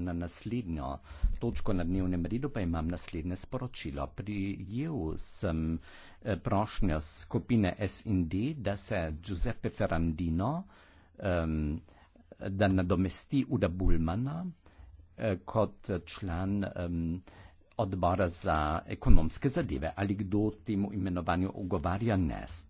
na naslednjo točko na dnevnem redu, pa imam naslednje sporočilo. Prijel sem eh, prošnjo skupine SND, da se Giuseppe Ferrandino, um, da nadomesti Uda Bulmana eh, kot član um, odbora za ekonomske zadeve. Ali kdo temu imenovanju ugovarja nest?